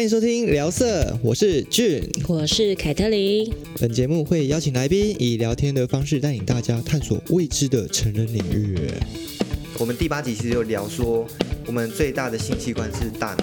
歡迎收聽聊色，我是俊，我是凱特琳。本節目會邀請來賓以聊天的方式，帶領大家探索未知的成人領域。我們第八集其實有聊說，我們最大的性器官是大腦。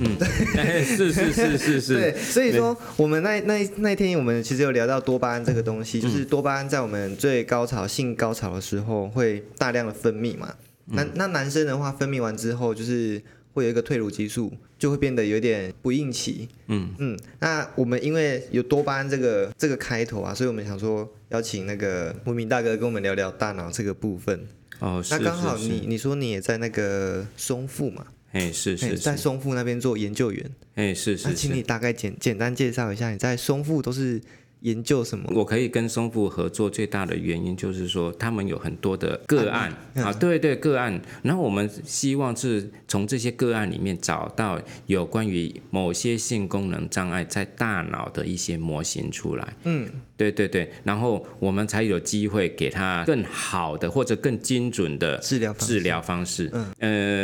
嗯、 欸，是是是是是。 對，所以說我們那沒那那天我們其實有聊到多巴胺這個東西，嗯、就是多巴胺在我們最高潮性高潮的時候會大量的分泌嘛。嗯、那那男生的話，分泌完之後就是。會有一個褪乳激素，就會變得有點不應期。嗯嗯，那我們因為有多巴胺這個這個開頭啊，所以我們想說邀請那個無名大哥跟我們聊聊大腦這個部分。哦，是是是。那剛好你你說你也在那個嵩馥嘛？是是,是，在嵩馥那邊做研究員。哎，是是,是。那請你大概簡簡單介紹一下你在嵩馥都是。研究什麼？我可以跟嵩馥合作最大的原因就是說，他們有很多的個案啊、嗯嗯、啊，對對，對，個案。然後我們希望是從這些個案裡面找到有關於某些性功能障礙在大腦的一些模型出來。嗯。對對對，然後我們才有機會給他更好的或者更精準的治療治療方式。嗯，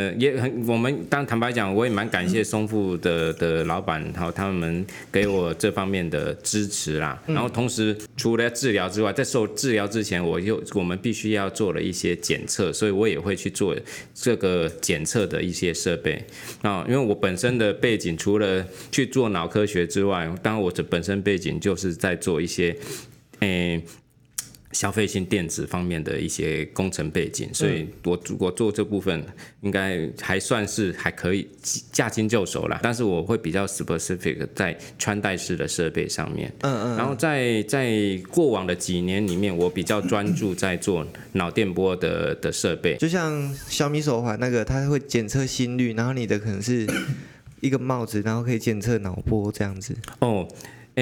呃，也很我們當然坦白講，我也蠻感謝嵩馥的的老闆然好，他們給我這方面的支持啦。嗯、然後同時除了治療之外，在受治療之前，我又我們必須要做了一些檢測，所以我也會去做這個檢測的一些設備。啊、哦，因為我本身的背景除了去做腦科學之外，當然我這本身背景就是在做一些。.誒、欸，消費性電子方面的一些工程背景，所以我我做這部分應該還算是還可以駕輕就熟啦。但是我會比較 specific 在穿戴式的設備上面。嗯嗯，嗯。然後在在過往的幾年裡面，我比較專注在做腦電波的的設備，就像小米手環那個，它會檢測心率，然後你的可能是一個帽子，然後可以檢測腦波這樣子。哦。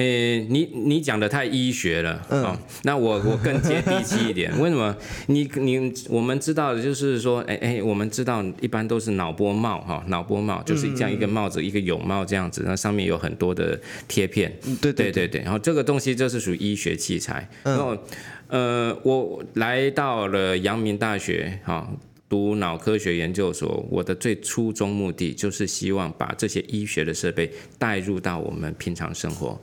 誒、哎，你你講的太醫學了、嗯、哦、那我我更接地氣一點。 為什麼？你你我們知道的就是說，誒、哎、誒、哎，我們知道一般都是腦波帽哈、哦，腦波帽就是這樣一個帽子，嗯、一個泳帽這樣子，那上面有很多的貼片。對、嗯、對對對。然後、哦、這個東西就是屬於醫學器材。嗯、然後呃，我來到了陽明大學哈、哦，讀腦科學研究所。我的最初衷目的就是希望把這些醫學的設備帶入到我們平常生活。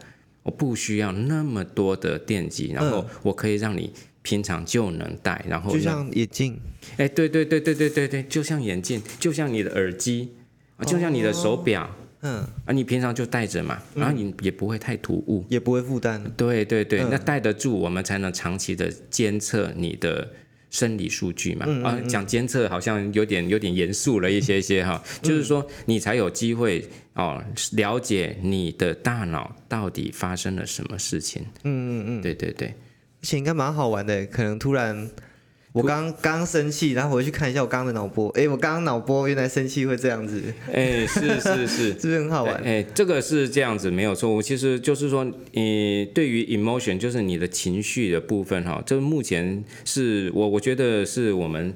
我不需要那麼多的電極，然後我可以讓你平常就能戴，嗯、然後就像眼鏡，哎、欸，對對對對對對對，就像眼鏡，就像你的耳機，哦、就像你的手錶，嗯，啊，你平常就戴着嘛，然後你也不會太突兀，也不會負擔，對對對，嗯、那戴得住，我們才能長期的監測你的生理數據嘛，嗯嗯嗯啊，講監測好像有點有點嚴肅了一些些哈， 嗯、就是說你才有機會。哦，了解你的大腦到底發生了什麼事情。嗯嗯嗯，對對對，而且應該蠻好玩的。可能突然，我剛突剛生氣，然後回去看一下我剛，剛的腦波，誒，我剛，剛腦波原來生氣會這樣子。哎，是是是， 是不是很好玩？誒、哎哎，這個是這樣子沒有錯誤。其實就是說，你、嗯、對於 emotion，就是你的情緒的部分哈，這、哦、目前是我我覺得是我們。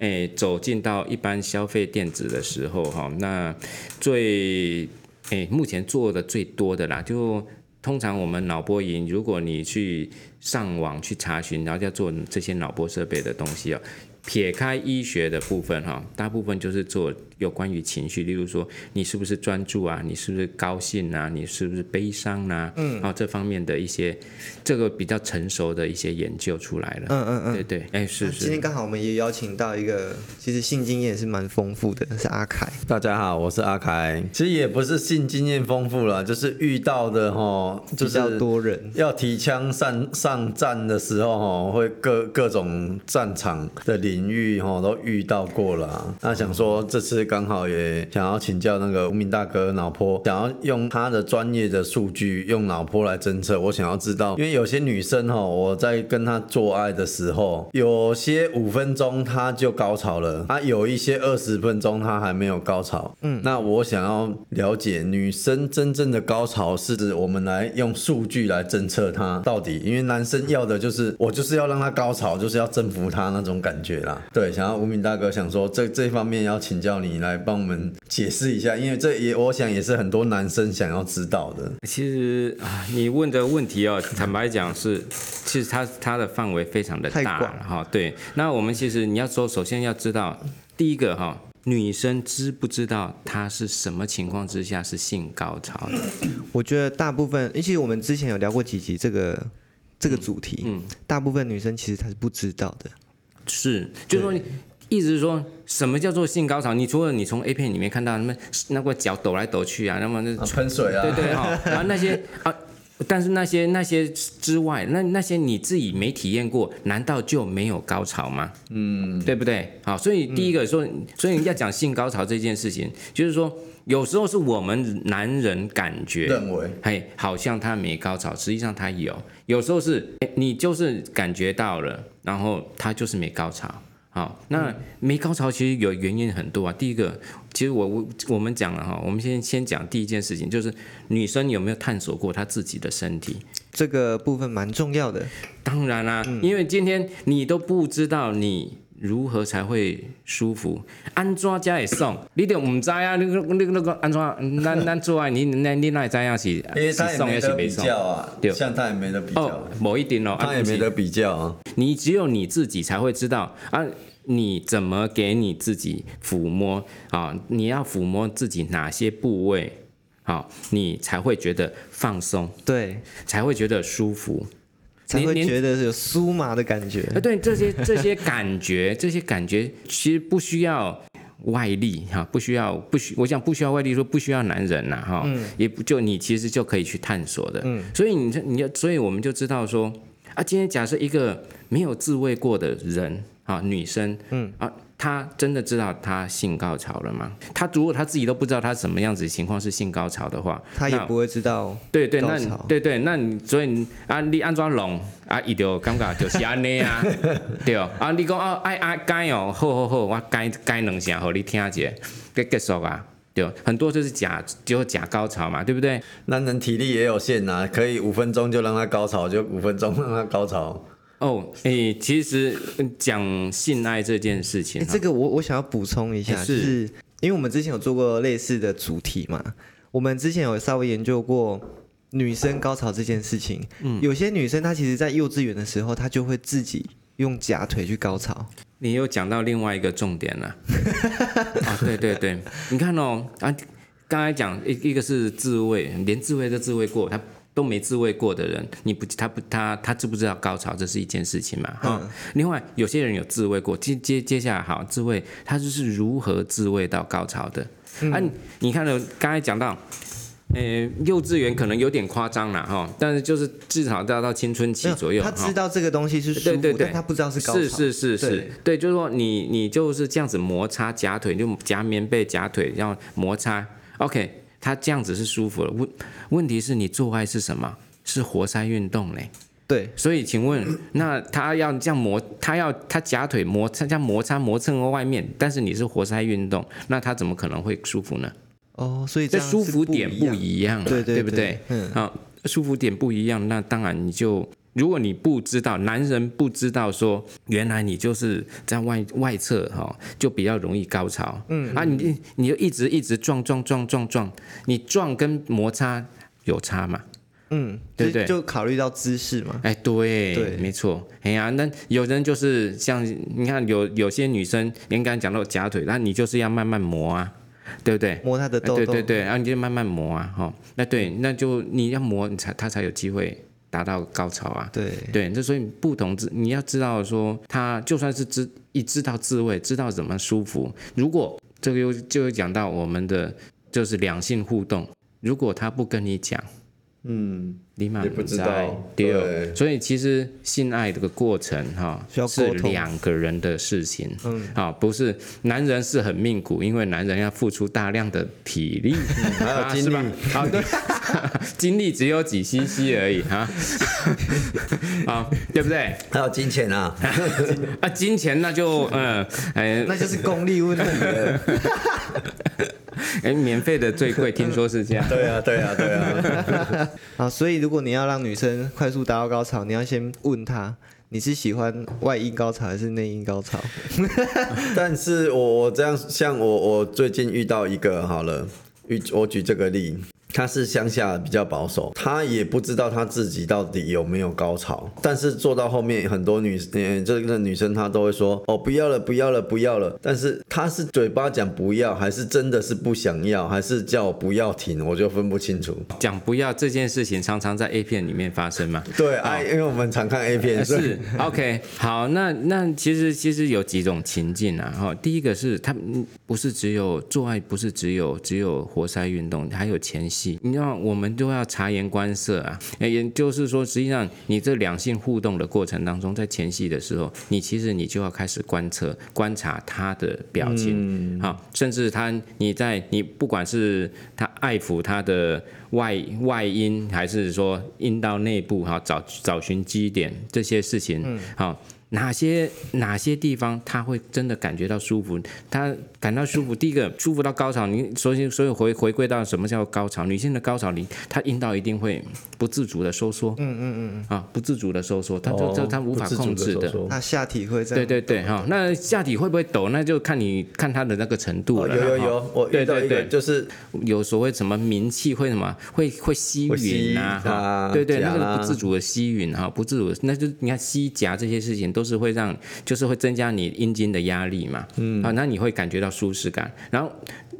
哎、欸，走進到一般消費電子的時候，哈，那最哎、欸、目前做的最多的啦，就通常我們腦波儀，如果你去上網去查詢，然後要做這些腦波設備的東西啊，撇開醫學的部分哈，大部分就是做。有關於情緒，例如說你是不是專注啊？你是不是高興啊，你是不是悲傷啊，嗯，啊、哦，這方面的一些，這個比較成熟的一些研究出來了。嗯嗯嗯，嗯對，對對，哎、欸、是是。啊、是今天剛好我們也邀請到一個，其實性經驗是蠻豐富的，是阿凱。大家好，我是阿凱。其實也不是性經驗豐富啦，就是遇到的哈，就是要多人要提槍上上戰的時候，會各各種戰場的領域哈都遇到過了。啊、他、嗯、想說這次。剛好也想要請教那個無名大哥腦波，想要用他的專業的數據，用腦波來偵測。我想要知道，因為有些女生哈、哦，我在跟她做愛的時候，有些五分鐘她就高潮了，她有一些二十分鐘她還沒有高潮。嗯，那我想要了解女生真正的高潮是指我們來用數據來偵測她到底，因為男生要的就是我就是要讓她高潮，就是要征服她那種感覺啦。對，想要無名大哥想說這這方面要請教你。你來幫我們解釋一下，因為這也我想也是很多男生想要知道的。其實啊，你問的問題啊、哦，坦白講是，其實它它的範圍非常的大哈。了對，那我們其實你要說，首先要知道，第一個哈，女生知不知道她是什麼情況之下是性高潮的？我覺得大部分，其實我們之前有聊過幾集這個這個主題，嗯，嗯大部分女生其實她是不知道的，是，就是說你。意思是說什麼叫做性高潮？你除了你從 A 片裡面看到什麼，那個腳抖來抖去啊，那麼那噴水啊，對對哈、哦， 然後那些啊，但是那些那些之外，那那些你自己沒體驗過，難道就沒有高潮嗎？嗯，對不對？好，所以第一個說，嗯、所以要講性高潮這件事情， 就是說有時候是我們男人感覺認為，嘿，好像他沒高潮，實際上他有，有時候是你就是感覺到了，然後他就是沒高潮。好，那沒高潮其實有原因很多啊。第一個，其實我我我們講了哈，我們先先講第一件事情，就是女生有沒有探索過她自己的身體，這個部分蠻重要的。當然啦、啊，因為今天你都不知道你。如何才會舒服？安怎才會爽你都唔知道啊！你你那安怎咱咱做啊？你那、你那怎樣是、欸？他也沒得鬆比較啊，對，像他也沒得比較某一點哦，喔、他也沒得比較啊。你只有你自己才會知道啊！你怎麼給你自己撫摸啊？你要撫摸自己哪些部位？好、啊，你才會覺得放鬆，對，才會覺得舒服。才會覺得有酥麻的感覺。啊，對，這些這些感覺， 這些感覺其實不需要外力哈，不需要，不需，我想不需要外力，說不需要男人吶、啊、哈，也不就你其實就可以去探索的。嗯，所以你你所以我們就知道說啊，今天假設一個沒有自慰過的人啊，女生，嗯啊。他真的知道他性高潮了嗎？他如果他自己都不知道他什麼樣子的情況是性高潮的話，他也不會知道高潮。對對，那你對對，那你所以啊，你安怎弄啊？伊就感覺就是安尼啊， 對啊，你講、哦、啊，愛愛幹哦，好好好，我幹該兩下，和你聽下解，給結束啊，對。很多就是假，就假高潮嘛，對不對？男人體力也有限啊，可以五分鐘就讓他高潮，就五分鐘讓他高潮。哦，哎、欸，其實講性愛這件事情，欸、這個我我想要補充一下，欸、是、是因為我們之前有做過類似的主題嘛，我們之前有稍微研究過女生高潮這件事情。啊、嗯，有些女生她其實，在幼稚園的時候，她就會自己用夾腿去高潮。你又講到另外一個重點了。 啊，對對對，你看哦，啊，剛才講一一個是自慰，連自慰都自慰過，她都沒自慰過的人，你不他不他他知不知道高潮這是一件事情嘛？哈、嗯，另外有些人有自慰過，接接接下來好自慰，他就是如何自慰到高潮的？哎、嗯啊，你看剛才講到，呃、欸，幼稚園可能有點誇張了哈，但是就是至少要到，到青春期左右，嗯，他知道這個東西是舒服，對，對，對，但他不知道是高潮。是是是是，對，對，對，對就是說你你就是這樣子摩擦夾腿，就夾棉被夾腿，然後摩擦，OK。他這樣子是舒服的，問問題是你做愛是什麼？是活塞運動嘞。對，所以請問，那他要這樣磨，他要他夾腿磨擦，這樣摩擦磨蹭在外面，但是你是活塞運動，那他怎麼可能會舒服呢？哦，所以這樣舒服點不一樣，對對對，對不對？嗯，好，舒服點不一樣，那當然你就。如果你不知道，男人不知道說，原來你就是在外外側哈，就比較容易高潮。嗯啊你，你你就一直一直撞撞撞撞撞，你撞跟摩擦有差嘛？嗯，對對對，就考慮到姿勢嘛。哎，對對，沒錯。哎呀、啊，那有人就是像你看有，有有些女生，你剛剛講到夾腿，那你就是要慢慢磨啊，對不對？磨她的痘痘。啊、對對對，然、啊、後你就慢慢磨啊，哈，那對，那就你要磨，你才他才有機會達到高潮啊！對對，這所以不同，你要知道說，他就算是知一知道自慰，知道怎麼舒服。如果這個又就會講到我們的就是兩性互動，如果他不跟你講。嗯，你嘛不知道，對。所以其實性愛這個過程哈，是兩個人的事情。嗯，好，不是男人是很命苦，因為男人要付出大量的體力，還有精力。啊，對，精力只有幾 cc 而已啊。對不對？還有金錢啊。啊，金錢那就嗯，那就是功利問題。哎、欸，免費的最貴，聽說是這樣。 對啊，對啊，對啊。啊， 所以如果你要讓女生快速達到高潮，你要先問她，你是喜歡外陰高潮還是內陰高潮？ 但是，我我這樣，像我我最近遇到一個好了，我舉這個例。他是鄉下比較保守，他也不知道他自己到底有沒有高潮，但是做到後面很多女生，欸，這個女生她都會說哦，不要了不要了不要了。但是他是嘴巴講不要，還是真的是不想要，還是叫我不要停，我就分不清楚。講不要這件事情常常在 A 片裡面發生嗎？對啊，好因為我們常看 A 片是，是 OK 好，那那其實其實有幾種情境啊哈，第一個是他不是只有做愛，不是只有只有活塞運動，還有前戲。你知道，我們都要察言觀色啊！也就是說，實際上你這兩性互動的過程當中，在前戲的時候，你其實你就要開始觀察、觀察他的表情，嗯、好，甚至他你在你不管是他愛撫他的外外陰，還是說陰道內部哈，找找尋 G 點這些事情，嗯、好。哪些哪些地方他會真的感覺到舒服？他感到舒服，嗯、第一個舒服到高潮。你首先，所以回回歸到什麼叫高潮？女性的高潮，你她陰道一定會不自主的收縮。嗯嗯嗯啊、哦，不自主的收縮，他就他無法控制的。他下、哦啊、體會在。對對對哈，那下體會不會抖？那就看你看她的那個程度了。哦、有有有，我對對就是有所謂什麼名器會什麼會會吸吮啊吸、哦，對對，夾那個不自主的吸吮哈、哦，不自主的，那就你看吸夾這些事情。都是會讓，就是會增加你陰莖的壓力嘛，嗯、啊，那你會感覺到舒適感。然後，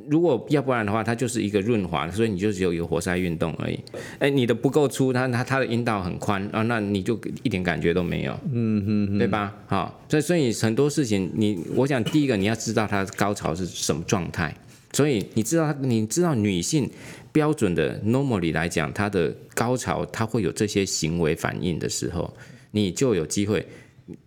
如果要不然的話，它就是一個潤滑，所以你就只有一個活塞運動而已。誒、欸，你的不夠粗，它它它的陰道很寬啊，那你就一點感覺都沒有，嗯哼哼對吧？好、哦，所以所以很多事情，你我想第一個你要知道它的高潮是什麼狀態，所以你知道你知道女性標準的 normally 來講，它的高潮它會有這些行為反應的時候，你就有機會。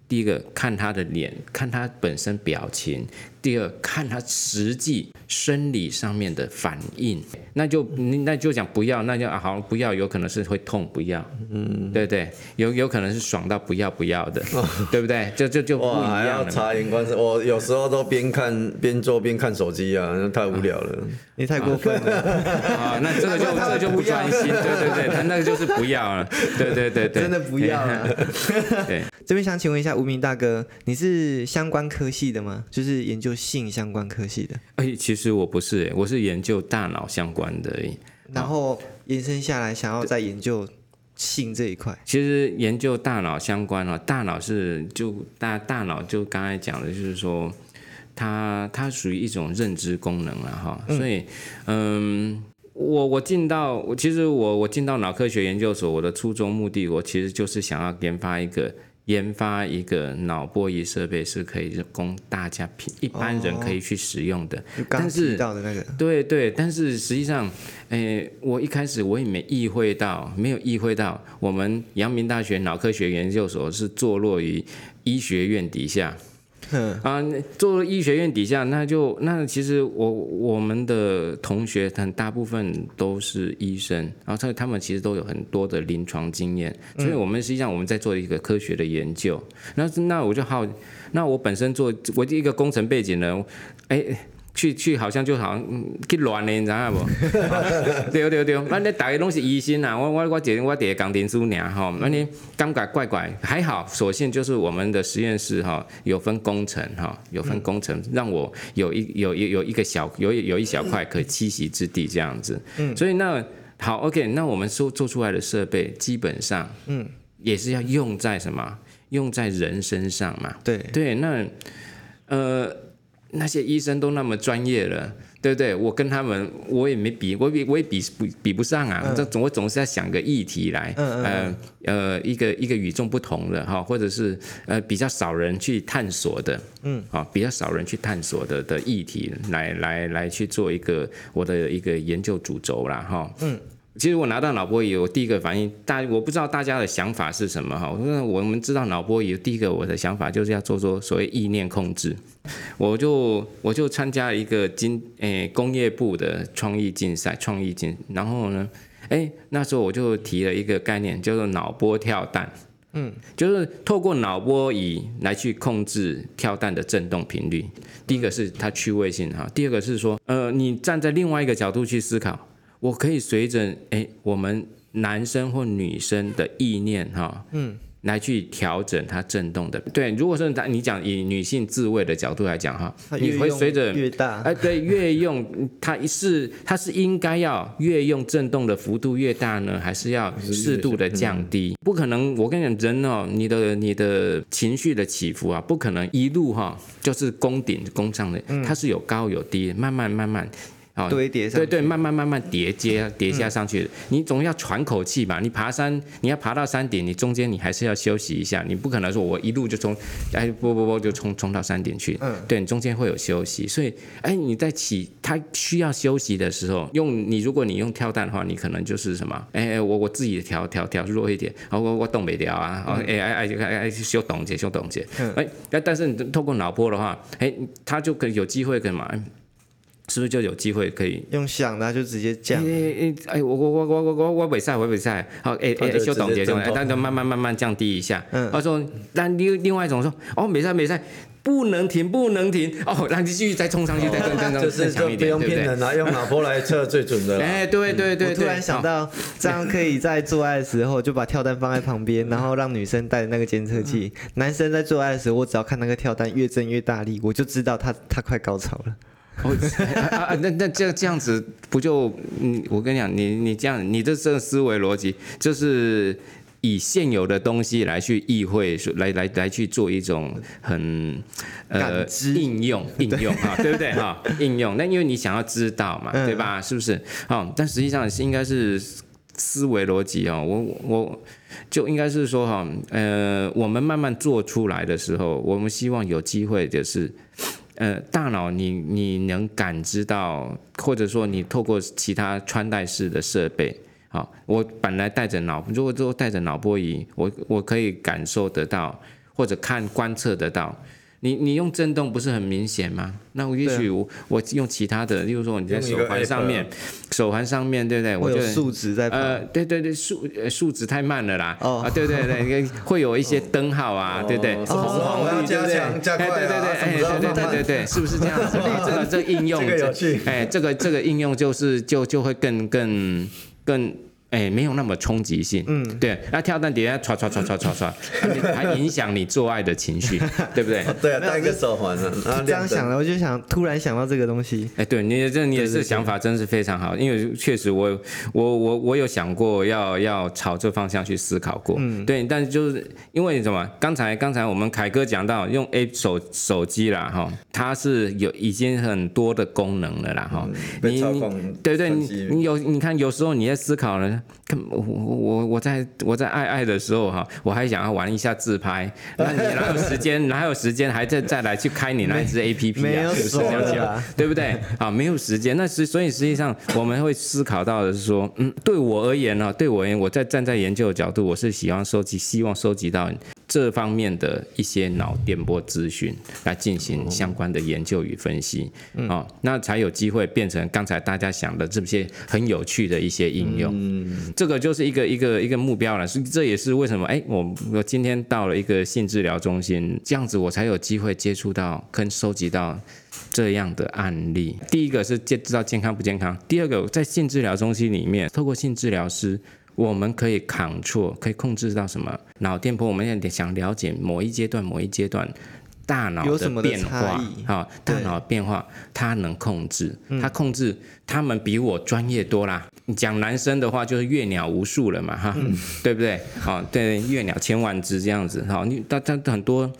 第一個看他的臉，看他本身表情。第二，看他實際生理上面的反應，那就那就講不要，那就啊好像不要，有可能是會痛不要，嗯，對對，有有可能是爽到不要不要的，哦、對不對？就就就我還要察言觀色，我有時候都邊看邊做邊看手機啊，那太無聊了。啊、你太過分了啊， 啊，那這個就這個 就，就不專心，對對對，他那個就是不要了， 對，對對對對，真的不要了。這邊想請問一下無名大哥，你是相關科系的嗎？就是研究。就性相關科系的，哎、欸，其實我不是、欸，我是研究大腦相關的、欸，然後延伸下來想要再研究、嗯、性這一塊。其實研究大腦相關啊、喔，大腦是就大大腦就剛才講的，就是說它它屬於一種認知功能了、啊、哈。所以嗯，嗯，我我進到，其實我我進到腦科學研究所，我的初衷目的，我其實就是想要研發一個。研發一個腦波儀設備是可以供大家平一般人可以去使用的。哦、但是剛提到的、那個、對對，但是實際上，誒，我一開始我也沒意會到，沒有意會到，我們陽明大學腦科學研究所是坐落於醫學院底下。啊，嗯 uh, 做醫學院底下，那就那其實我我們的同學他大部分都是醫生，然後他他們其實都有很多的臨床經驗，所以我們實際上我們在做一個科學的研究。那、嗯、那我就好，那我本身做我一個工程背景呢，哎。去去好像就好像去亂，你知阿無？ 對對對，那大家都是醫生啊，我我我只我只工程師爾吼，那呢剛改怪改還好，所幸就是我們的實驗室哈有分工程哈有分工程，讓我有一有有有一個小有一有一小塊可棲息之地這樣子。嗯，所以那好，OK，那我們收做出來的設備基本上，嗯，也是要用在什麼？用在人身上嘛。對對，那呃。那些醫生都那麼專業了，對不對？我跟他們，我也沒比，我也比我也比不比不上啊。嗯、這總，我總是在想個議題來，嗯、呃呃，一個一個與眾不同的哈，或者是呃比較少人去探索的，嗯啊、哦，比較少人去探索的的議題來來來，來去做一個我的一個研究主軸了哈。哦、嗯。其實我拿到腦波儀，我第一個反應，大我不知道大家的想法是什麼哈。我說我們知道腦波儀，第一個我的想法就是要做做所謂意念控制。我就我就參加了一個經、欸工業部的創意競賽，創意競，然後呢，哎，那時候我就提了一個概念，叫做腦波跳彈，嗯，就是透過腦波儀來去控制跳彈的震動頻率。第一個是它趣味性哈，第二個是說，呃，你站在另外一個角度去思考。我可以隨着、欸、我們男生或女生的意念哈，喔、嗯，來去調整它振動的。對，如果說你講以女性自慰的角度來講哈，越越大你會隨着哎，對，越用它是它是應該要越用振動的幅度越大呢，還是要適度的降低？嗯、不可能，我跟你講，人哦、喔，你的你的情緒的起伏啊，不可能一路哈、喔，就是攻頂攻上的，嗯、它是有高有低，慢慢慢慢，啊，哦、堆疊對對，對，慢慢慢慢疊接疊一下上去，嗯、你總要喘口氣吧？你爬山，你要爬到山頂，你中間你還是要休息一下。你不可能說，我一路就衝，哎不不不，就衝衝到山頂去。嗯，對你中間會有休息，所以哎，你在起他需要休息的時候，用你如果你用跳彈的話，你可能就是什麼？哎哎，我我自己調調調弱一點，然後我我懂沒調啊？嗯、哎哎哎哎，就懂些就懂些。嗯，哎，但是你透過腦波的話，哎，他就可有機會可嘛、哎？是不是就有機會可以用想的就直接降？哎哎哎，我我我我我我沒事，我沒事。好，哎哎，休總結一下，大家、欸嗯、慢慢慢慢降低一下。嗯。他說，那另另外一種說，哦，沒事沒事，不能停不能停。哦，讓你繼續再衝上去，再再再再強一點，對不對？用腦波來測最準的了。哎、欸，對對對對。對對對嗯、我突然想到，這樣可以在做愛的時候就把跳蛋放在旁邊，對然後讓女生帶那個監測器，嗯、男生在做愛的時候，我只要看那個跳蛋越震越大力，我就知道他他快高潮了。 哦，啊，那那這樣這樣子不就？你我跟你講，你你這樣，你的這個思維邏輯就是以現有的東西來去意會，來來來去做一種很呃知應用應用啊，對、哦，對不對哈，哦？應用。那因為你想要知道嘛， 對吧？是不是？好，哦，但實際上是應該是思維邏輯哦。我我就應該是說哈，哦，呃，我們慢慢做出來的時候，我們希望有機會就是。呃，大腦你你能感知到，或者說你透過其他穿戴式的設備，好，我本來帶着腦，如果說帶着腦波儀，我我可以感受得到，或者看觀測得到。你你用震動不是很明顯嗎？那我也許我用其他的，例如說你在手環上面，手環上面對不對？我有數值在。呃，對對對，數數值太慢了啦。哦。啊，對對對，會有一些燈號啊，對不對？紅黃綠，對不對？哎，對對對，哎，對對對對對，是不是這樣子？這個這個應用，哎，這個這個應用就是就就會更更更。哎，沒有那麼衝擊性，嗯，對，那、啊、跳蛋底下刷刷刷刷刷唰，還影響你， 你做愛的情緒， 對不對？哦、對、啊，戴個手環啊，這樣想了我就想突然想到這個東西。哎，對，你這個、你是想法真是非常好，因為確實我我我我，我有想過要要朝這方向去思考過，嗯，對，但是就是因為什麼？剛才剛才我們凱哥講到用 App 手手機啦，哈，它是有已經很多的功能了啦，哈、嗯，你，操控你對，對對，你，你有你看有時候你在思考呢。我我我我在我在愛愛的時候哈，我還想要玩一下自拍，那你哪有時間 哪有時間還在再來去開你那只 A P P 啊？ 沒有時間、啊，對不對？啊， 沒有時間。那是。所以實際上我們會思考到的是說，嗯，對我而言呢，對我而言，我在站在研究的角度，我是喜歡收集，希望收集到你。這方面的一些腦電波資訊來進行相關的研究與分析啊、嗯哦，那才有機會變成剛才大家想的這些很有趣的一些應用。嗯，這個就是一個一個一個目標了，是這也是為什麼哎，我我今天到了一個性治療中心，這樣子我才有機會接觸到跟收集到這樣的案例。第一個是接知道健康不健康，第二個在性治療中心裡面，透過性治療師。我們可以 control，可以控制到什麼腦電波？我們要想了解某一階段、某一階段大腦的變化有什麼的差異、哦、大腦變化，他對能控制，他控制他們比我專業多啦。嗯、你講男生的話，就是閱鳥無數了嘛，哈，嗯、對不對？好、哦，對，閱鳥千萬只這樣子。好、哦，你大家很多。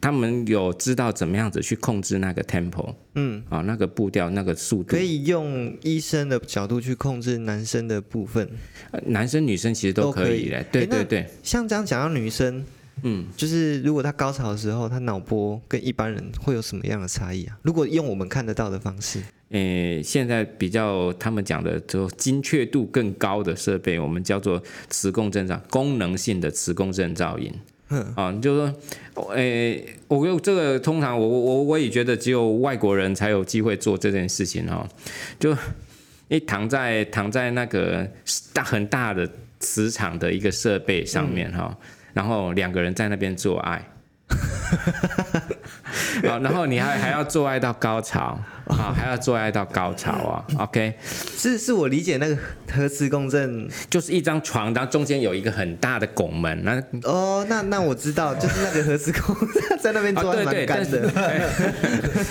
他們有知道怎麼樣子去控制那個 tempo，嗯，啊，那個步調、那個速度，可以用醫生的角度去控制男生的部分。男生女生其實都可以嘞，以欸、對對對。欸、像這樣講到女生，嗯，就是如果她高潮的時候，她腦波跟一般人會有什麼樣的差異啊？如果用我們看得到的方式，誒、欸，現在比較他們講的就精確度更高的設備，我們叫做磁共振造影，功能性的磁共振造影。嗯啊、 哦，就是說，誒、欸，我用這個通常我，我我我也覺得只有外國人才有機會做這件事情哦，就一躺在躺在那個大很大的磁場的一個設備上面哈、哦，嗯、然後兩個人在那邊做愛。 哈， 好，然後你還還要做愛到高潮啊、 哦，還要做愛到高潮啊、哦、 ，OK？是是我理解那個核磁共振，就是一張床，然後中間有一個很大的拱門，那哦，oh, 那那我知道， 就是那個核磁共振在那邊做得蠻幹的。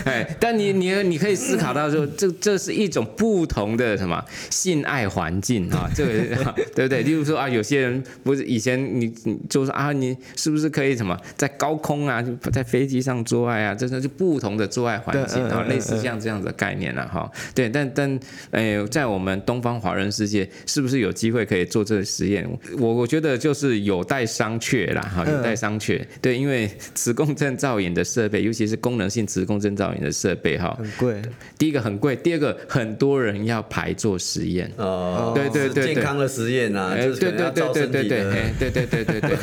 哎，但你你你可以思考到就是、這這是一種不同的什麼性愛環境啊，這、哦、個對、哦、對不對？例如說啊，有些人不是以前你你就是啊，你是不是可以什麼在高空啊？在飛機上做愛啊，真的是不同的做愛環境啊，類似像這樣子的概念啦，哈。對，但但哎，在我們東方華人世界，是不是有機會可以做這個實驗？我我覺得就是有待商榷啦，哈，有待商榷。對，因為磁共振造影的設備，尤其是功能性磁共振造影的設備，哈，很貴。第一個很貴，第二個很多人要排做實驗。哦，對對對，健康的實驗啊，對對對對對對，哎，對對對對對，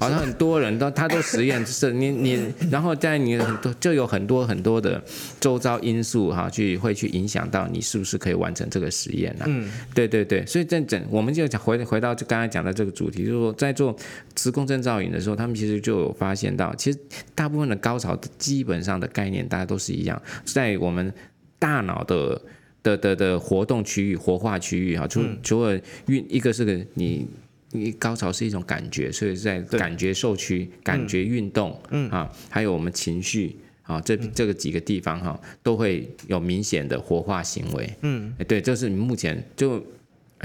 好像很多人都他都實驗，就是你。你然後在你很多就有很多很多的周遭因素哈，去會去影響到你是不是可以完成這個實驗呢、啊？嗯，對對對，所以在整，我們就回回到就剛才講的這個主題，就是說在做磁共振造影的時候，他們其實就有發現到，其實大部分的高潮基本上的概念大家都是一樣，在我們大腦的的的的活動區域、活化區域哈，除除了運一個是個你。因為高潮是一種感覺，所以在感覺受區、嗯、感覺運動、嗯、啊，還有我們情緒啊，這這個幾個地方哈，嗯、都會有明顯的活化行為。嗯，對，這是目前就。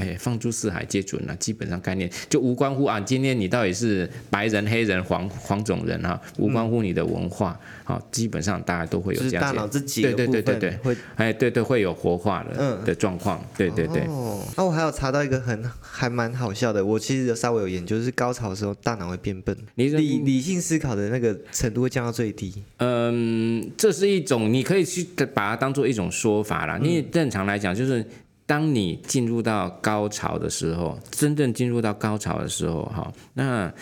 哎，放諸四海皆準了、啊，基本上概念就無關乎啊。今天你到底是白人、黑人、黃黃種人啊，無關乎你的文化、嗯、啊。基本上大家都會有這樣子。大腦自己對對對會、哎、對對會哎對對會有活化的、嗯、的狀況，對對對。哦，那、啊、我還有查到一個很還蠻好笑的，我其實稍微有研究，就是高潮的時候大腦會變笨，你說理理性思考的那個程度會降到最低。嗯，這是一種你可以去把它當做一種說法啦。嗯、你正常來講就是。當你進入到高潮的時候，真正進入到高潮的時候，哈，那，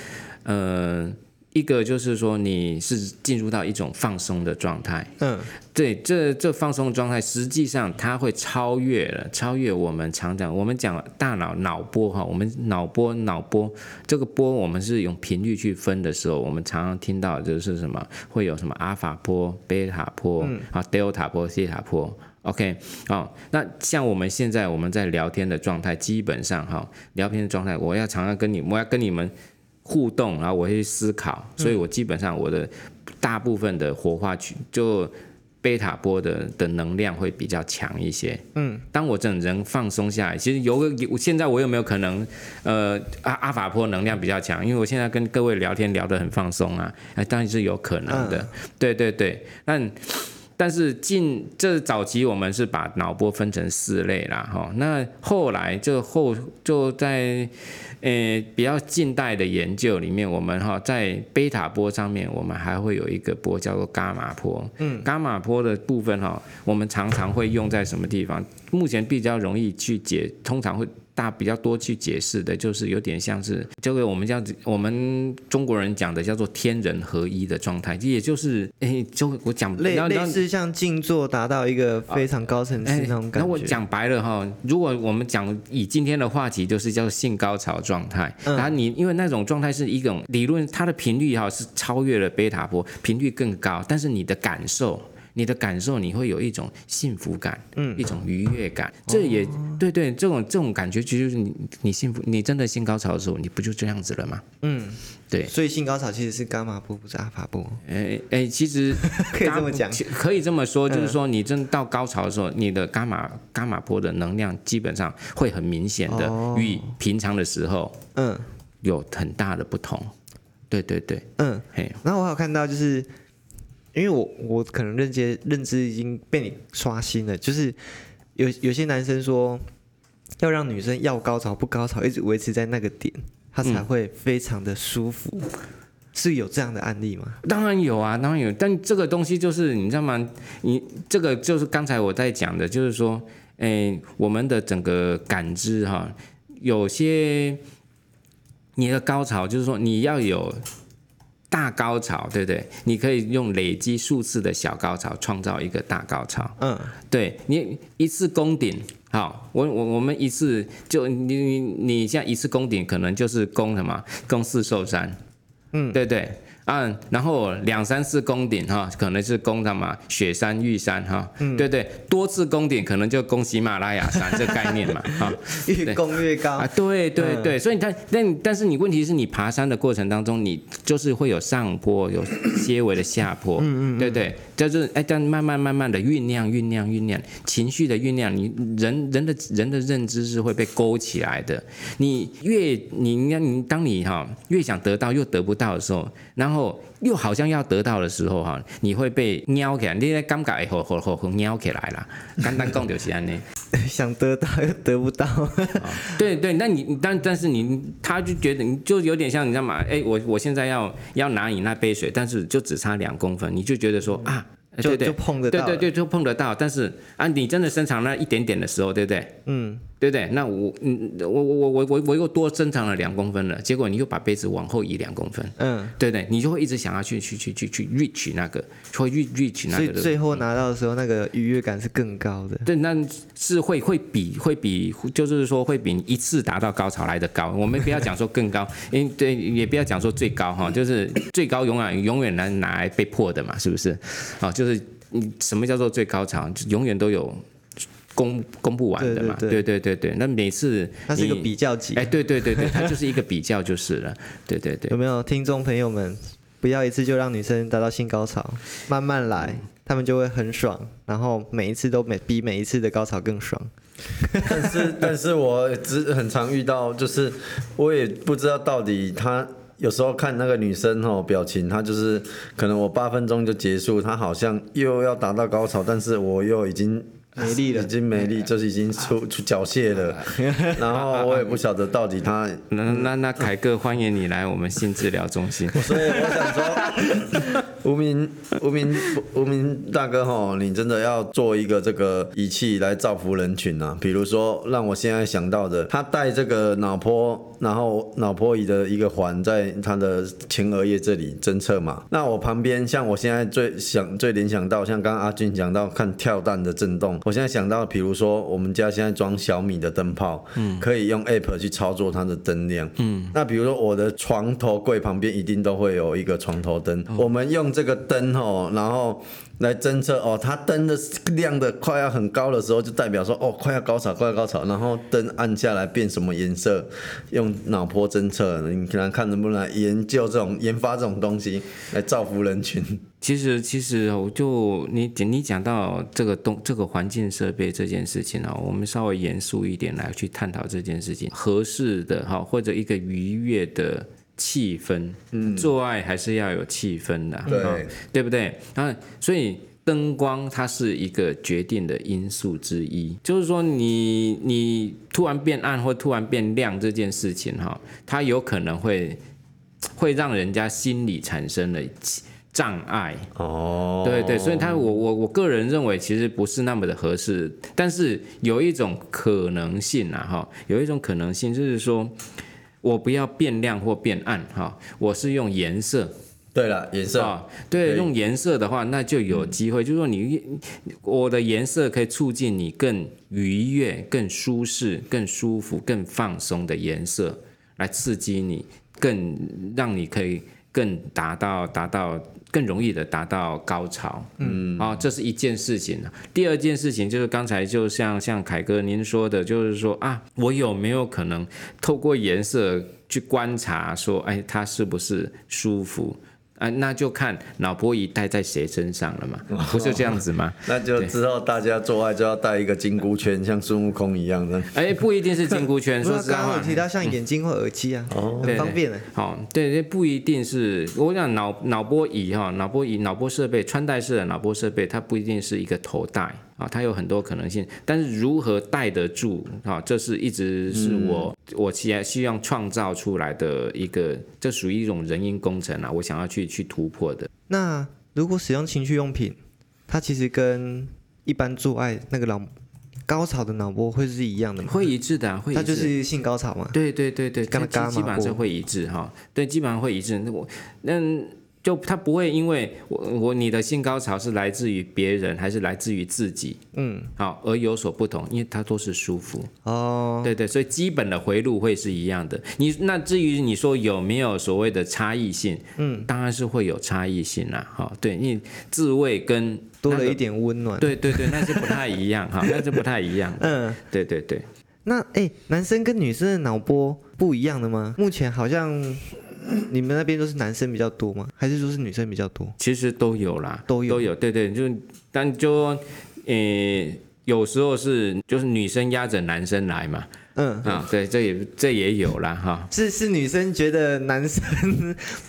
呃，一個就是說你是進入到一種放鬆的狀態，嗯，對，這這放鬆狀態實際上它會超越了，超越我們常講，我們講大腦腦波哈，我們腦波腦波這個波我們是用頻率去分的時候，我們常常聽到就是什麼會有什麼阿法波、貝塔波，啊、嗯，德爾塔波、西塔波。OK，好、oh，那像我們現在我們在聊天的狀態，基本上哈，oh, 聊天的狀態，我要常常跟你，我要跟你們互動，然後我去思考，嗯、所以我基本上我的大部分的活化區就貝塔波的的能量會比較強一些。嗯，當我整人放鬆下來，其實有個，現在我有沒有可能，呃，阿阿法波能量比較強，因為我現在跟各位聊天聊得很放鬆啊，哎，當然是有可能的。嗯、對對對，那。但是近這早期，我們是把腦波分成四類啦，哈，那後來就後就在誒、呃、比較近代的研究裡面，我們哈在貝塔波上面，我們還會有一個波叫做伽馬波。嗯，伽馬波的部分哈，我們常常會用在什麼地方？目前比較容易去解，通常會。大比較多去解釋的，就是有點像是交給我們這樣子，我們中國人講的叫做天人合一的狀態，也就是誒、欸，就我講類然後，然後類似像靜坐達到一個非常高層次那、啊、欸、種感覺。那我講白了哈，如果我們講以今天的話題，就是叫做性高潮狀態，嗯、然後你因為那種狀態是一種理論，它的頻率哈是超越了貝塔波，頻率更高，但是你的感受。你的感受，你會有一種幸福感，嗯，一種愉悅感，這也對對，這種這種感覺就是你你幸福，你真的性高潮的時候，你不就這樣子了嗎？嗯，對。所以性高潮其實是伽馬波，不是阿法波。哎，哎，其實可以這麼講，可以這麼說，就是說你真到高潮的時候，你的伽馬伽馬波的能量基本上會很明顯的與平常的時候嗯有很大的不同。對對對，嗯，嘿。然後我還有看到就是。因為我我可能認知認知已經被你刷新了，就是有有些男生說，要讓女生要高潮不高潮，一直維持在那個點，她才會非常的舒服，嗯、是有這樣的案例嗎？當然有啊，當然有，但這個東西就是你知道嗎？你這個就是剛才我在講的，就是說，誒、哎，我們的整個感知哈、啊，有些你的高潮就是說你要有。大高潮，對不對？你可以用累積數次的小高潮，創造一個大高潮。嗯，對，你一次攻頂，好，我我我們一次就你你你像一次攻頂，可能就是攻什麼？攻四獸山。嗯，對對。嗯、啊，然後兩三次攻頂哈、哦，可能是攻什麼雪山玉山哈，哦嗯、對對，多次攻頂可能就攻喜馬拉雅山 這概念嘛哈，越、哦、攻越高啊，對對對，嗯、所以它但但是你問題是你爬山的過程當中，你就是會有上坡有些微的下坡，嗯，嗯嗯，對對，就是哎，但慢慢慢慢的醞釀醞釀醞釀情緒的醞釀，你人人，人的人的認知是會被勾起來的，你越你你當你哈越想得到又得不到的時候，然後。又好像要得到的時候，哈，你會被撩起來，你在尷尬以後後後後撩起來了，剛剛講的是安尼， 想得到又得不到、 哦，對對，那你但但是你，他就覺得你就有點像你知道嗎，哎，我我現在要要拿你那杯水，但是就只差兩公分，你就覺得說、嗯、啊，就對對就碰得到，對對對，就碰得到，但是啊，你真的伸長那一點點的時候，對不對？嗯。對不對？那我嗯，我我我我我又多增長了兩公分了，結果你又把杯子往後移兩公分，嗯，對不對？你就會一直想要去去去去去 reach 那個，會 reach 那個。所以最後拿到的時候，嗯、那個愉悅感是更高的。對，那是會會比會比，就是說會比一次達到高潮來得高。我們不要講說更高， 因為對，也不要講說最高哈，就是最高永遠永遠難拿來被破的嘛，是不是？啊，就是你什麼叫做最高潮，就永遠都有。公公布完的嘛，對對對，對對對對，那每次它是一個比較級，哎，對對對對，它就是一個比較就是了， 對對對。有沒有聽眾朋友們，不要一次就讓女生達到性高潮，慢慢來，他、嗯、們就會很爽，然後每一次都每比每一次的高潮更爽。但是但是，但是我只很常遇到，就是我也不知道到底他有時候看那個女生哦表情，他就是可能我八分鐘就結束，他好像又要達到高潮，但是我又已經。沒力了，已經沒力，就是已經出、啊、出繳械了。然後我也不曉得到底他， 嗯、那那那凱哥，歡迎你來我們性治療中心。 所以我想說。 無名無名無名大哥吼，你真的要做一個這個儀器來造福人群啊。比如說，讓我現在想到的，他帶這個腦波，然後腦波儀的一個環在他的前額葉這裡偵測嘛。那我旁邊像我現在最想最聯想到，像剛剛阿俊講到看跳蛋的震動，我現在想到，比如說我們家現在裝小米的燈泡，嗯，可以用 APP 去操作它的燈亮，嗯，那比如說我的床頭櫃旁邊一定都會有一個床頭燈，嗯、我們用這。這個燈哦，然後來偵測哦，它燈的亮的快要很高的時候，就代表說哦，快要高潮，快要高潮。然後燈暗下來變什麼顏色，用腦波偵測。你看看能不能來研究這種、研發這種東西來造福人群。其實，其實我就你講你講到這個東、這個環境設備這件事情啊，我們稍微嚴肅一點來去探討這件事情，合適的哈，或者一個愉悅的。氣氛，嗯，做愛還是要有氣氛的、啊，對、嗯、對不對？那所以燈光它是一個決定的因素之一，就是說你你突然變暗或突然變亮這件事情，哈，它有可能會會讓人家心理產生了障礙哦，對對，所以他我我我個人認為其實不是那麼的合適，但是有一種可能性啊，哈，有一種可能性就是說。我不要變亮或變暗哈、哦，我是用色顏色。對了，顏色啊，對，對用顏色的話，那就有機會，嗯、就是說你，我的顏色可以促進你更愉悅、更舒適、更舒服、更放鬆的顏色來刺激你，更讓你可以。更達到達到更容易的達到高潮，嗯，啊、哦，這是一件事情。第二件事情就是剛才就像像凱哥您說的，就是說啊，我有沒有可能透過顏色去觀察說，哎，它是不是舒服？啊，那就看腦波儀戴在誰身上了嘛，哦哦，不就這樣子嗎？那就之後大家做愛就要戴一個金箍圈， 像孫悟空一樣的。哎，不一定是金箍圈，可說實話。剛剛有提到像眼鏡或耳機啊，嗯、哦，很方便了。哦，對，不一定是。我講腦腦波儀哈，腦波儀、腦波設備、穿戴式的腦波設備，它不一定是一個頭戴。啊，它有很多可能性，但是如何帶得住啊？這是一直是我、嗯、我希希望創造出來的一個，這屬於一種人因工程啊，我想要去去突破的。那如果使用情趣用品，它其實跟一般做愛那個腦高潮的腦波會是一樣的嗎？會一致的，會。它就是性高潮嘛。對對對對，就基本上會一致哈，哦、對，基本上會一致。那我那。就他不會因為我我你的性高潮是來自於別人還是來自於自己，嗯，好而有所不同，因為它都是舒服哦，對對，所以基本的回路會是一樣的。你那至於你說有沒有所謂的差異性，嗯，當然是會有差異性啦，哈，對你自慰跟、那個，多了一點溫暖，對對對，那就不太一樣哈，那就不太一樣，嗯，對對對。那哎、欸，男生跟女生的腦波不一樣的嗎？目前好像。你們那邊都是男生比較多嗎？還是說是女生比較多？其實都有啦，都有都有，對對，就但就，誒、呃。有時候是就是女生壓着男生來嘛，嗯啊、哦、對，這也這也有了哈，哦、是是女生覺得男生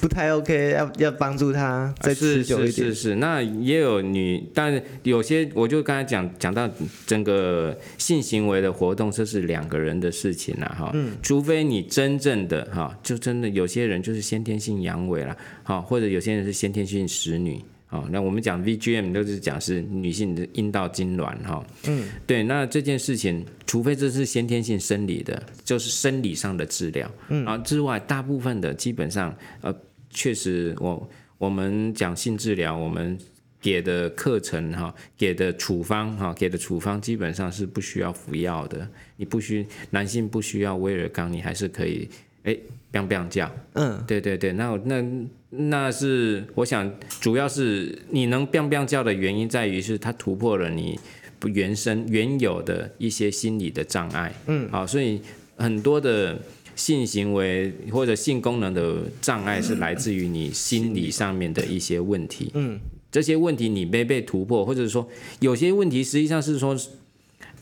不太 OK，要要幫助他再持久一點，是是是,是那也有女，但有些我就剛才講講到整個性行為的活動，這是兩個人的事情啦哈，哦、嗯，除非你真正的哈，就真的有些人就是先天性陽痿啦，好或者有些人是先天性石女。哦，那我們講 VGM 都是講是女性的陰道痙攣哈，嗯，對，那這件事情，除非這是先天性生理的，就是生理上的治療，嗯，啊之外，大部分的基本上，呃，確實，我我們講性治療，我們給的課程哈，給的處方哈，給的處方基本上是不需要服藥的，你不需男性不需要威爾剛，你還是可以。哎 b i a n 叫，嗯，對對對，那那那是我想，主要是你能 b i 叫的原因在於是它突破了你原生原有的一些心理的障礙，嗯，好，所以很多的性行為或者性功能的障礙是來自於你心理上面的一些問題，嗯，這些問題你沒被突破，或者說有些問題實際上是說，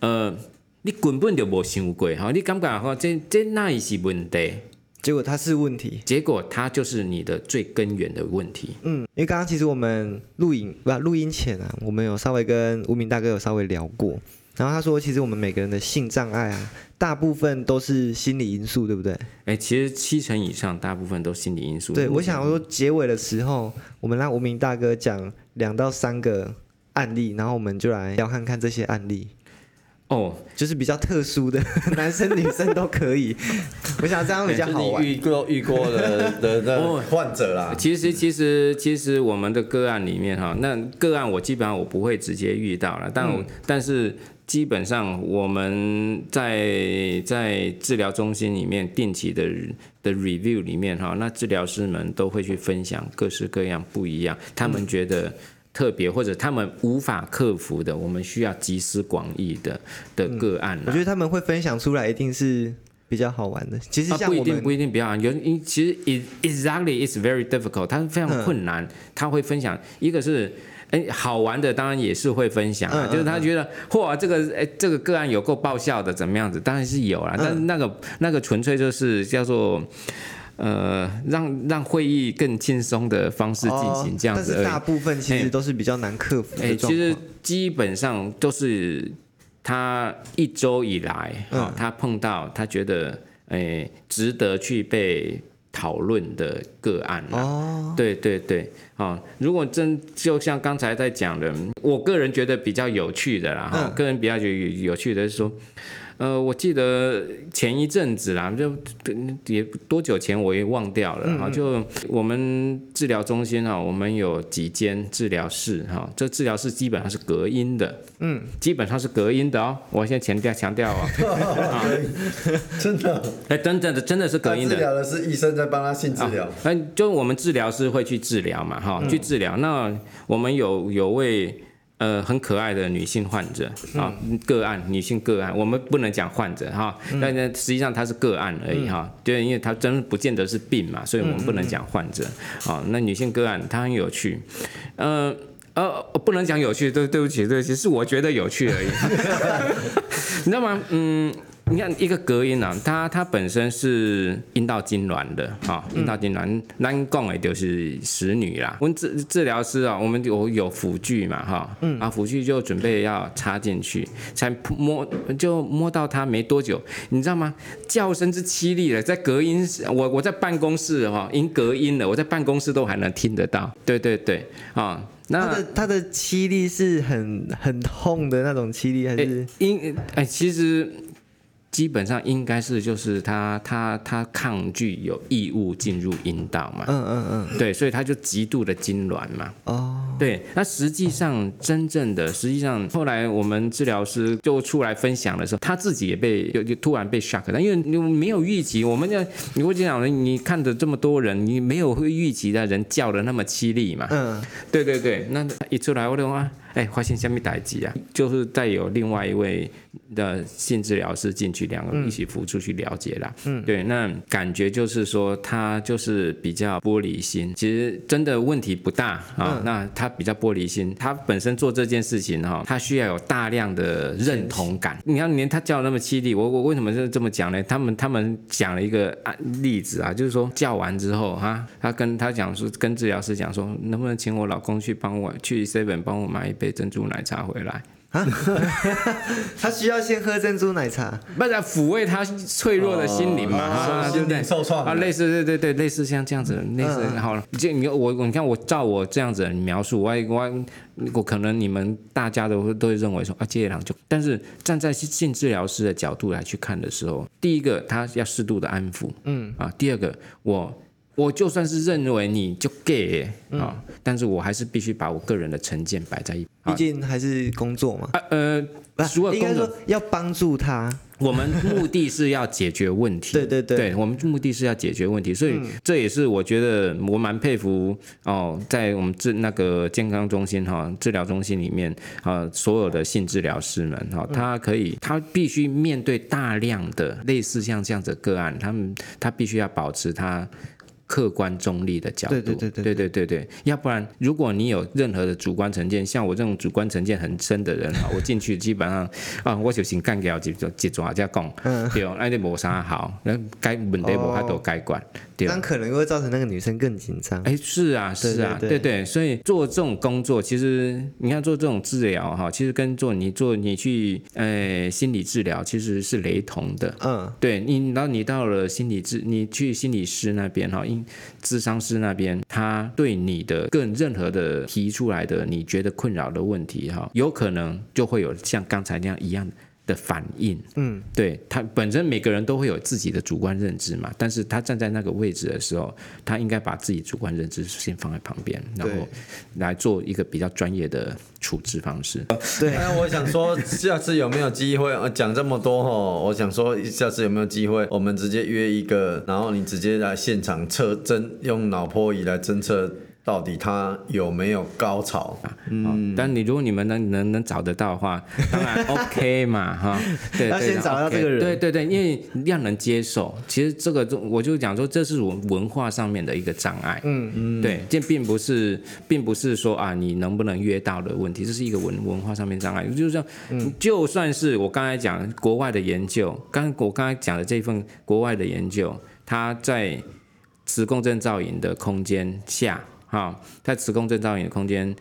呃。你根本就無心無愧，你敢不敢？這這哪一些問題？結果它是問題，結果它就是你的最根源的問題。嗯，因為剛剛其實我們錄影、啊、錄音前啊，我們有稍微跟無名大哥有稍微聊過，然後他說，其實我們每個人的性障礙啊，大部分都是心理因素，對不對？哎、欸，其實七成以上大部分都心理因素。對，對對，我想要說結尾的時候，我們讓無名大哥講兩到三個案例，然後我們就來要看看這些案例。哦，oh, 就是比較特殊的，男生女生都可以。 我想這樣比較好玩。Hey, 就是你遇過遇過的的，的，的患者啦，其實其實其實我們的個案裡面哈，那個案我基本上我不會直接遇到了，但、嗯、但是基本上我們在在治療中心裡面定期的的 review 裡面哈，那治療師們都會去分享各式各樣不一樣，嗯、他們覺得。特別或者他們無法克服的，我們需要集思廣益的的個案、啊嗯。我覺得他們會分享出來，一定是比較好玩的。其實、啊、不，一不一定不一定比較，原因其實 exactly it's very difficult，它非常困難。他、嗯、會分享一個是哎、欸、好玩的，當然也是會分享啊，嗯嗯嗯就是他覺得嚯這個哎、欸、這個個案有夠爆笑的，怎麼樣子當然是有啦，但是那個、嗯、那個純粹就是叫做。呃，讓讓會議更輕鬆的方式進行，哦、這樣子。但大部分其實都是比較難克服的、哎哎、其實基本上都是他一周以來，嗯、他碰到他覺得、哎、值得去被討論的個案、啊。哦，對對對，啊、哦，如果真就像剛才在講的，我個人覺得比較有趣的啦，嗯、個人比較有有趣的是說。呃，我記得前一陣子啦，就也多久前我也忘掉了哈。嗯、就我們治療中心啊、喔，我們有幾間治療室哈、喔，這治療室基本上是隔音的，嗯，基本上是隔音的哦、喔。我先強調強調啊，真的，哎、欸，真正的，真的是隔音的。治療的是醫生在幫他性治療，那、喔欸、就我們治療師會去治療嘛哈，喔嗯、去治療。那我們有有位。呃，很可愛的女性患者啊，嗯、個案，女性個案，我們不能講患者哈，但是、啊、實際上她是個案而已哈，嗯、對，因為她真不見得是病嘛，所以我們不能講患者嗯嗯啊。那女性個案她很有趣，呃呃、哦，不能講有趣，對，對不起，對不起，是我覺得有趣而已，啊、 你知道嗎？嗯。你看一個隔音啊，它它本身是陰道痙攣的哈，陰、哦、道痙攣，男共也就是石女啦。我們治治療師啊，我們有有輔具嘛哈，哦、嗯，啊輔具就準備要插進去，才摸就摸到它沒多久，你知道嗎？叫聲之淒厲了，在隔音室，我我在辦公室哈、哦，因隔音了，我在辦公室都還能聽得到。對對對，啊、哦，那他的他的淒厲是很很痛的那種淒厲還是？欸、因哎、欸、其實。基本上應該是就是他她她抗拒有異物進入陰道嘛，嗯嗯嗯，嗯嗯對，所以他就極度的痙攣嘛，哦，對，那實際上真正的實際上後來我們治療師就出來分享的時候，他自己也被就就突然被 shock 了，因為你沒有預期，我們就你會講了，你看着這麼多人，你沒有會預期的人叫的那麼淒厲嘛，嗯，對對對，那一出來我講啊。哎、欸，發現下面一集啊，就是帶有另外一位的性治療師進去，兩個人一起輔助去了解啦。嗯，對，那感覺就是說他就是比較玻璃心，其實真的問題不大啊。那他比較玻璃心，他本身做這件事情哈，他需要有大量的認同感。嗯、你看，連他叫那麼淒厲，我我為什麼就這麼講呢？他們他們講了一個、啊、例子啊，就是說叫完之後哈、啊，他跟他講說，跟治療師講說，能不能請我老公去幫我去 Seven 幫我買一。杯珍珠奶茶回來蛤， 他需要先喝珍珠奶茶， 要奶茶不然撫慰他脆弱的心靈嘛，對不對？受創，啊，類似，對對對，類似像這樣子，類似、嗯、好了，你我你看我照我這樣子的描述，我我我可能你們大家都都會認為說啊，傑瑞就，但是站在性治療師的角度來去看的時候，第一個他要適度的安撫，嗯啊，第二個我。我就算是認為你就 gay 啊、欸，嗯、但是我還是必須把我個人的成見擺在一邊。畢竟還是工作嘛。啊、呃，如果是工作應該說要幫助他，我們目的是要解決問題。 對對對，對，我們目的是要解決問題，所以這也是我覺得我蠻佩服、嗯、哦，在我們那個健康中心哈，治療中心裡面啊，所有的性治療師們哈，他可以，他、嗯、必須面對大量的類似像這樣子的個案，他們他必須要保持他。客觀中立的角度，對對對對對，對要不然如果你有任何的主觀成見，像我這種主觀成見很深的人哈， 我進去基本上啊，我就先幹掉，就就一轉再講，嗯、對，那你無啥好，那該問題我還都該管。哦、對，那可能會造成那個女生更緊張。哎、欸，是啊，是啊，對對、對、對、對對，所以做這種工作，其實你看做這種治療哈，其實跟做你做你去誒、呃、心理治療其實是雷同的，嗯，對你，然後你到了心理治，你去心理師那邊哈，諮商師那邊，他對你的更任何的提出來的你覺得困擾的問題，哈，有可能就會有像剛才那樣一樣的的反應，嗯，對他本身每個人都會有自己的主觀認知嘛，但是他站在那個位置的時候，他應該把自己主觀認知先放在旁邊，對然後來做一個比較專業的處置方式。啊、對，那我想說，下次有沒有機會講這麼多？我想說，下次有沒有機會，哦、我，有有機會我們直接約一個，然後你直接來現場測針，用腦波儀來偵測。到底他有沒有高潮？嗯、啊，但你如果你們能能能找得到的話，當然 OK 嘛 哈。對對先找到這個人，對對對，對，因為讓人能接受。其實這個我就講說，這是我文化上面的一個障礙。嗯嗯，嗯對，這並不是並不是說啊，你能不能約到的問題，這是一個文文化上面障礙。就是說，嗯、就算是我剛才講國外的研究，剛我剛才講的這份國外的研究，他在磁共振造影的空間下。好，在磁共振照影的空間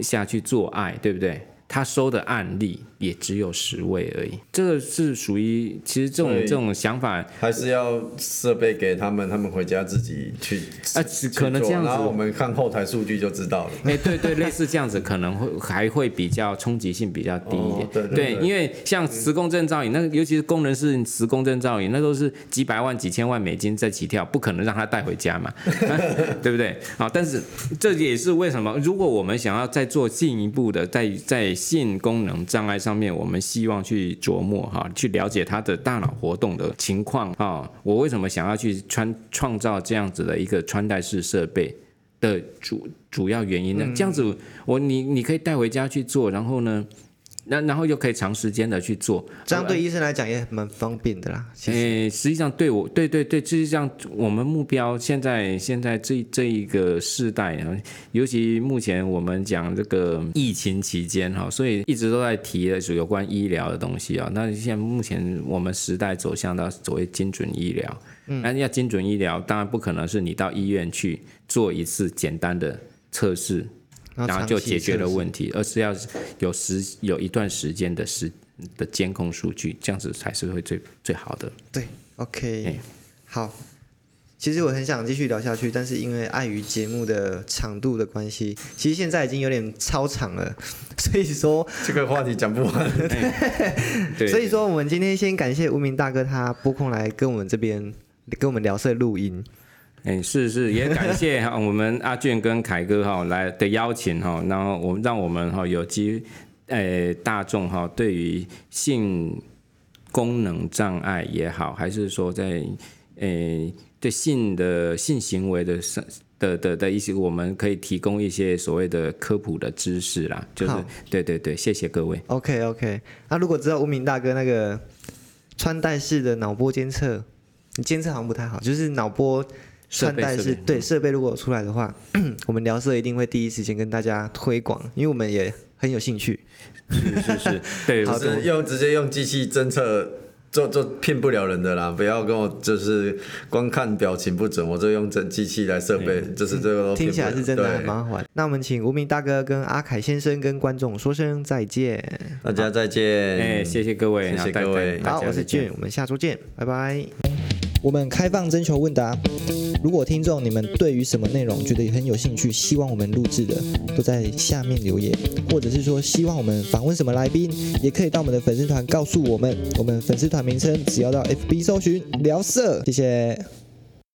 下去做愛，對不對？他收的案例，也只有十位而已，這個是屬於其實這種對這種想法，還是要設備給他們，他們回家自己去，啊、只可能這樣子，我們看後台數據就知道了。哎、欸，對對，對， 類似這樣子，可能會還會比較衝擊性比較低一點，哦、對對，對，對，因為像磁共振造影，嗯、那尤其是功能是磁共振造影，那都是幾百萬、幾千萬美金在起跳，不可能讓他帶回家嘛，啊、 對不對？好，但是這也是為什麼，如果我們想要再做進一步的，在在性功能障礙上。方面我們希望去琢磨哈，去了解他的大腦活動的情況啊。我為什麼想要去穿創造這樣子的一個穿戴式設備的主主要原因呢？嗯、這樣子我你你可以帶回家去做，然後呢，那然後又可以長時間的去做，這樣對醫生來講也蠻方便的啦。誒，實際上對我，對對對，實際上我們目標現在現在這這一個世代，尤其目前我們講這個疫情期間哈，所以一直都在提的是有關醫療的東西啊。那現在目前我們時代走向到所謂精準醫療，那、嗯、要精準醫療，當然不可能是你到醫院去做一次簡單的測試。.然後，然後就解決了問題，而是要有時有一段時間的時的監控數據，這樣子才是會最最好的。對，OK，、欸、好。其實我很想繼續聊下去，但是因為礙於節目的長度的關係，其實現在已經有點超長了，所以說 這個話題講不完。 對，對對所以說我們今天先感謝無名大哥他撥空來跟我們這邊跟我們聊色錄音。哎，是是，也感謝哈我們阿俊跟凱哥哈來的邀請哈，然後我們讓我們哈有機，哎、呃，大眾哈對於性功能障礙也好，還是說在哎、呃、對性的性行為的的的的一些，我們可以提供一些所謂的科普的知識啦，就是好對對對，謝謝各位。OK OK，那、啊、如果知道無名大哥那個穿戴式的腦波監測，你監測好像不太好，就是腦波。穿戴是對設備，設備，設備如果出來的話，我們聊色一定會第一時間跟大家推廣，因為我們也很有興趣。 是是是，對，好就是用直接用機器偵測做做騙不了人的啦，不要跟我就是光看表情不準，我就用整機器來設備，對就是這個。聽起來是真的很麻煩。對那我們請無名大哥跟阿凱先生跟觀眾說聲再見，大家再見。哎好、欸，謝謝各位，謝謝各位，好，大家我是俊，我們下周見，拜拜。我們開放徵求問答，如果聽眾你們對於什麼內容覺得很有興趣，希望我們錄製的都在下面留言，或者是說希望我們訪問什麼來賓，也可以到我們的粉絲團告訴我們。我們粉絲團名稱只要到 FB 搜尋“聊色”，謝謝。